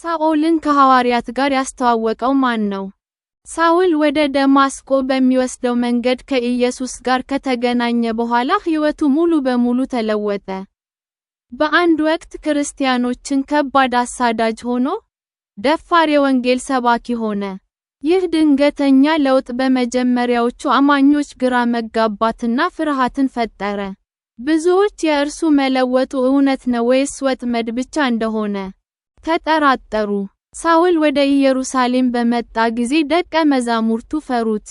ሳኦልን ከሐዋርያት ጋር ያስተዋወቀው ማን ነው? ሳውል ወደ ደማስቆ በሚወስደው መንገድ ከኢየሱስ ጋር ከተገናኘ በኋላ ሕይወቱ ሙሉ በሙሉ ተለወጠ። በአንድ ወቅት ክርስቲያኖችን ከባድ አሳዳጅ ሆኖ፣ ደፋር የወንጌል ሰባኪ ሆነ። ይህ ድንገተኛ ለውጥ በመጀመሪያዎቹ አማኞች ግራ መጋባትና ፍርሃትን ፈጠረ። ብዙዎች የእርሱ መለወጡ እውነት ነው ወይስ ወጥመድ ብቻ እንደሆነ ተጠራጠሩ። ሳውል ወደ ኢየሩሳሌም በመጣ ጊዜ ደቀ መዛሙርቱ ፈሩት።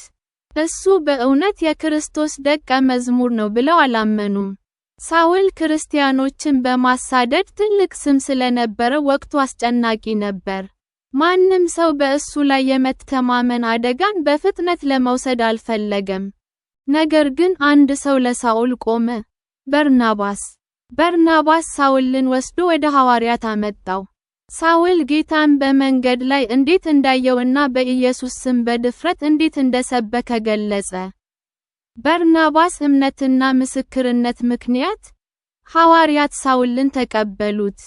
እሱ በእውነት የክርስቶስ ደቀ መዝሙር ነው ብለው አላመኑም። ሳውል ክርስቲያኖችን በማሳደድ ትልቅ ስም ስለነበረ ወቅቱ አስጨናቂ ነበር። ማንም ሰው በእሱ ላይ የመተማመን አደጋን በፍጥነት ለመውሰድ አልፈለገም። ነገር ግን አንድ ሰው ለሳውል ቆመ፣ በርናባስ። በርናባስ ሳውልን ወስዶ ወደ ሐዋርያት አመጣው። ሳውል ጌታን በመንገድ ላይ እንዴት እንዳየውና በኢየሱስ ስም በድፍረት እንዴት እንደሰበከ ገለጸ። በርናባስ እምነትና ምስክርነት ምክንያት ሐዋርያት ሳውልን ተቀበሉት።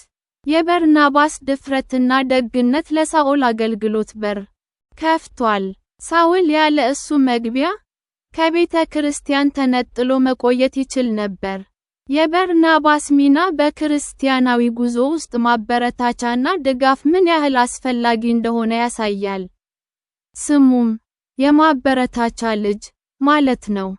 የበርናባስ ድፍረትና ደግነት ለሳኦል አገልግሎት በር ከፍቷል። ሳውል ያለ እሱ መግቢያ ከቤተ ክርስቲያን ተነጥሎ መቆየት ይችል ነበር። የበርናባስ ሚና በክርስቲያናዊ ጉዞ ውስጥ ማበረታቻና ድጋፍ ምን ያህል አስፈላጊ እንደሆነ ያሳያል። ስሙም የማበረታቻ ልጅ ማለት ነው።